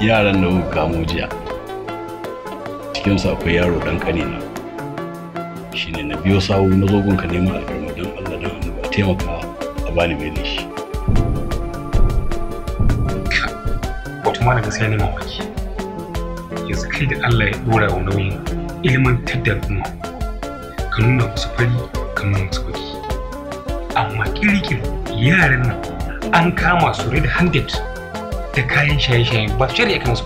yaran da muka kamo jiya cikinsu akwai yaro ɗan ƙanina shi ne na biyo sawu na zogonka neman alfarma don allah don annabi a taimaka a bani da shi wata mana gaskiya ne mamaki yanzu kai da allah ya ɗora wa nauyin ilimin da al'umma ka nuna musu fari ka nuna musu baki amma kirkir yaran nan an kama su da handed da kayan shaye shaye ba ya kan su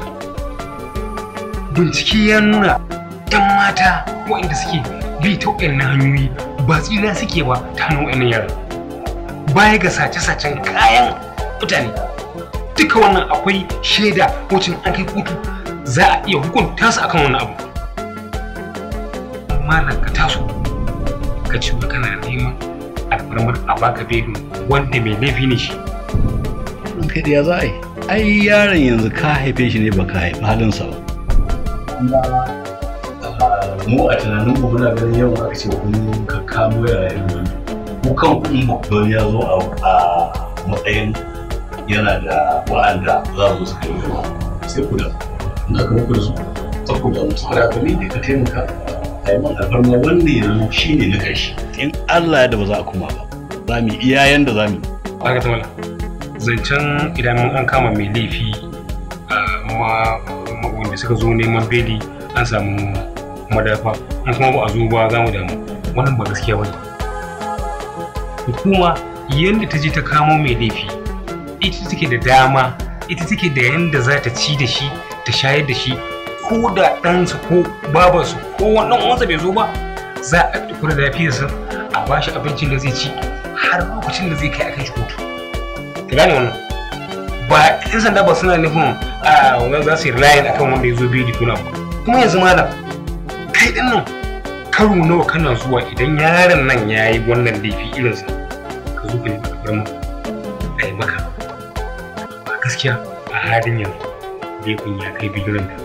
bincike ya nuna yan mata waɗanda suke bi ta waɗannan hanyoyi ba tsira suke ba ta hannun waɗannan yara baya ga sace-sacen kayan mutane duka wannan akwai shaida wucin an kai kotu za a iya hukunta su akan wannan abu malam ka taso ka ci wa kana neman alfarmar a baka wanda mai laifi ne shi. Kai ya za a yi? ai yaron yanzu ka haife shi ne ba ka haifi sa ba ah, mu a tunanin mu muna ganin yau aka ce kun ka kamo yara irin wani ku kan kun babban ya zo a matsayin yana da wa'anda za su su kai yawa sai ku da na kuma ku da su ta ku da musu da kuma ne ka taimaka a yi man alfarma wanda yanzu shi ne na ƙarshe in Allah ya da ba za a kuma ba za mu iya yanda da za mu yi. Aka tamala. zancen idan an kama mai laifi ah, ma wanda suka zo neman beli an samu madafa an kuma ba a zo ba za mu damu wannan ba gaskiya ba hukuma yadda ta je ta kamo mai laifi ita take da dama ita take da yadda za ta ci da shi ta shayar da shi ko da ɗansa ko babarsa ko wannan uwansa bai zo ba za a kula da lafiyarsa a bashi abincin da zai ci har lokacin da zai kai a kai shi kotu ka wani, ba yan sanda ba suna nufin a wani za su yi layin akan wanda ya zo biyu kuna ba kuma yanzu malam kai din nan karo nawa kana zuwa idan yaron nan ya yi wannan laifi irinsa ka zo ka a yi maka ba gaskiya a halin yanzu laifin ya kai bigiran da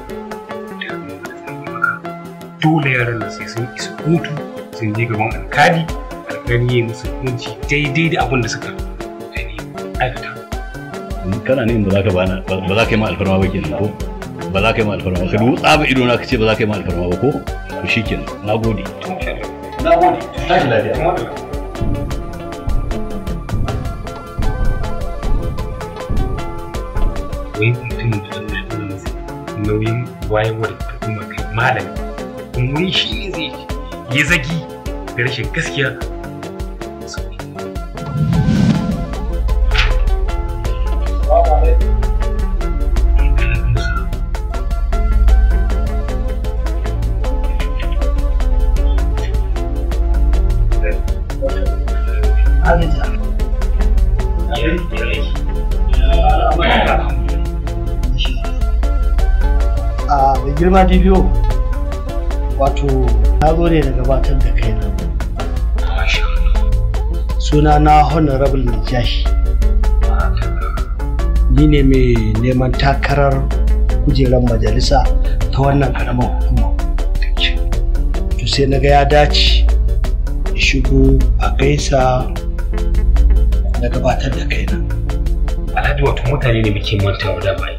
dole yaran nan sai sun isa hutu sun je gaban alkali alkali ya musu hukunci daidai da abin da suka aikata kana ne ba za ka bana ba za ka yi ma alfarma ba kenan ko ba za ka yi ma alfarma ba ka dutsa ba ido na ka ce ba za ka yi ma alfarma ba ko to shikenan nagode nagode tashi lafiya wai mutum da Allah ya nuna masa nauyin wayewar da kuma kai malami kuma shi ne zai yi zagi da rashin gaskiya girma dibiyo wato na zo ne da gabatar da kaina suna na honorable najashi ni ne mai neman takarar kujerar majalisa ta wannan karamar hukuma to sai na ga ya dace shigo a gaisa na gabatar da kaina alhaji wato mutane ne muke mantawa da bai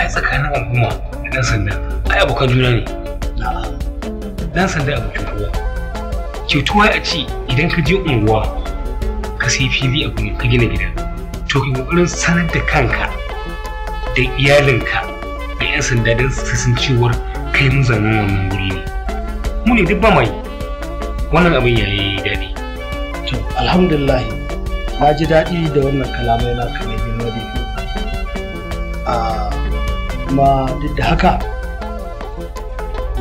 a tsakanin al'umma da sanda ai abokan juna ne dan sanda abokin kowa cutuwa a ce idan ka je unguwa ka sai fili a ne ka gina gida to ka kokarin sanar da kanka da iyalinka da yan sanda don su san cewar kai mun zama wannan guri ne mu ne duk ba mai wannan abin yi daɗi to alhamdulillah na ji daɗi da wannan kalamai na kamar girma da ah, ma duk da haka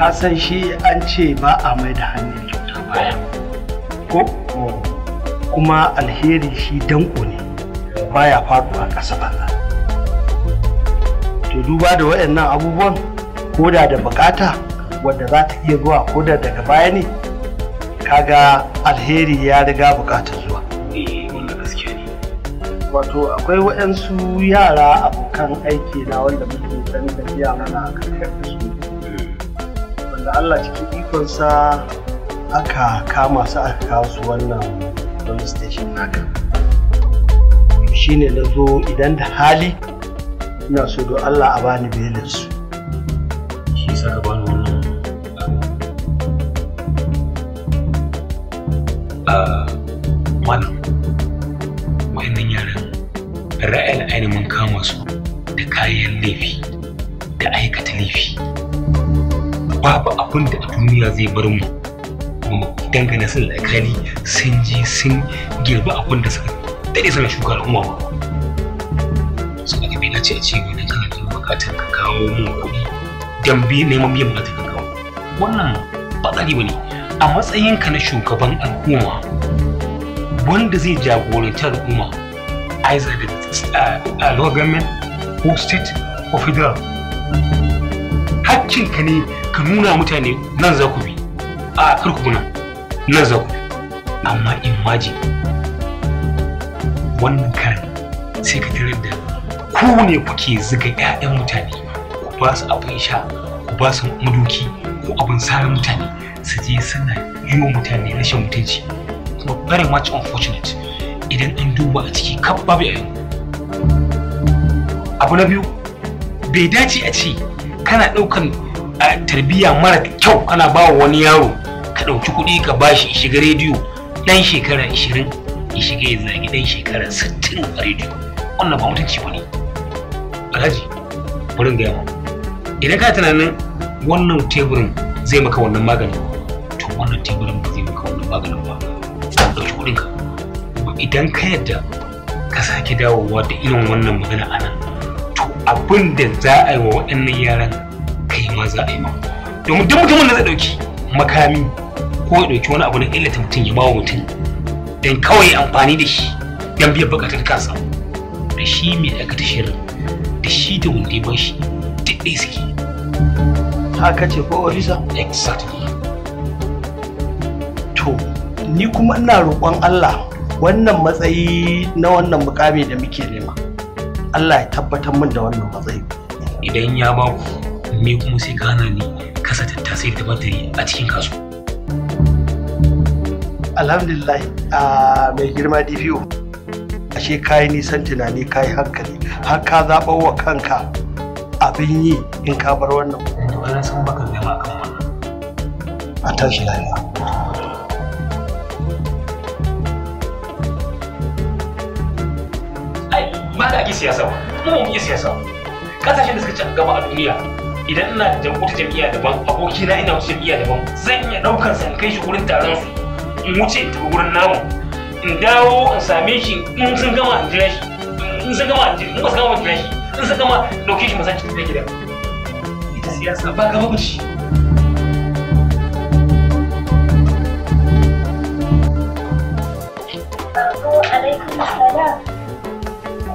ka san shi an ce ba a mai da hannun kyauta baya ko kuma alheri shi danko ne baya faduwa ƙasa banza to duba da waɗannan abubuwan ko da da bukata wadda za ta iya zuwa da daga baya ne kaga alheri ya riga bukatar zuwa eh, wato akwai waɗansu yara abokan aiki na wanda muke da yara mana a da Allah cikin ikonsa aka kama su aka kawo su wannan police station naka shine na zo idan da hali ina so don Allah a bani belin su shi ka bani wannan ah, malam wayannan yaran ra'ayin ainihin kama su da kayan laifi da aikata laifi babu abin da duniya zai bar mu dangane sun lakali, sun ji sun girbi abin da suka dade suna shuka al'umma ba su ka bi ce a cewa na kana da bukatar ka kawo mu kuɗi don bi neman biyan bukatar ka kawo wannan ba ba ne a matsayinka na shugaban al'umma wanda zai jagoranci al'umma either the uh, uh government ko state ko federal ka ne ka nuna mutane nan za ku bi a karkuna nan za ku bi amma in maji wannan karin sai ka tarar da ku ne kuke zuga 'ya'yan mutane ku ba su abin sha ku ba su maduki ko abin sare mutane su je suna yi wa mutane rashin mutunci kuma very much unfortunate idan an duba a ciki kaf babu yayin abu na biyu bai dace a ce kana ɗaukan tarbiyya mara kyau kana ba wa wani yaro ka ɗauki kuɗi ka bashi shi shiga rediyo ɗan shekara 20 ya shiga ya zagi ɗan shekara 60 a rediyo wannan ba mutunci ba ne alhaji burin gaya ma idan ka tunanin wannan teburin zai maka wannan maganin to wannan teburin ba zai maka wannan maganin ba ɗauki kuɗinka idan ka yadda ka sake dawowa da irin wannan magana a nan abin da za a yi wa waɗannan yaran kai ma za a yi ma domin duk mutumin da zai ɗauki makami ko ya ɗauki wani abu na illata mutum ya bawa mutum don kawai amfani da shi don biyan buƙatar kansa da shi mai aikata shirin da shi da wanda ya shi, duk ɗaya suke haka ce ko ofisa exactly to ni kuma ina roƙon Allah wannan matsayi na wannan mukami da muke nema Allah ya tabbatar min da wannan matsayi idan ya ba ku me kuma sai gana ni kasa tasiri da batari a cikin kasu alhamdulillah a mai girma DPO ashe ka yi nisan tunani ka yi hankali har ka zaɓa wa kanka abin yi in ka bar wannan. Yanzu ba sun baka zama kan wannan. A tashi lafiya. iya siyasa ba kuma mu iya siyasa kasa kasashen da suka ci gaba a duniya idan ina da wata jam'iyya daban abokina ina wuce jam'iyya daban zan iya ɗaukar sa in kai shi gurin taron su in wuce ta gurin namu in dawo in same shi in sun gama in jira shi in sun gama in ba su gama jira shi in sun gama ɗauke shi masa cikin gida ita siyasa ba gaba ba ce alaikum salam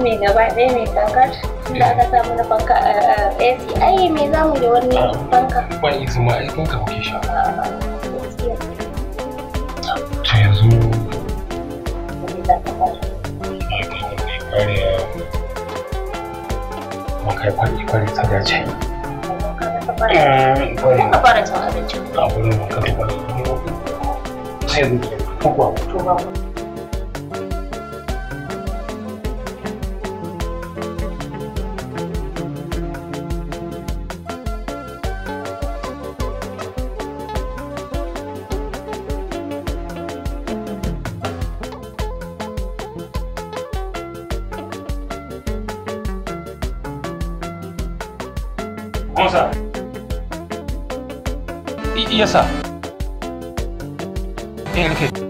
mai gaba ɗaya mai da aka na fanka a AC ai me za mu da wani ah, fanka yi ai fanka muke sha to yanzu kariya kwanci kwanci ta dace ka fara cin sai さいいやさ NK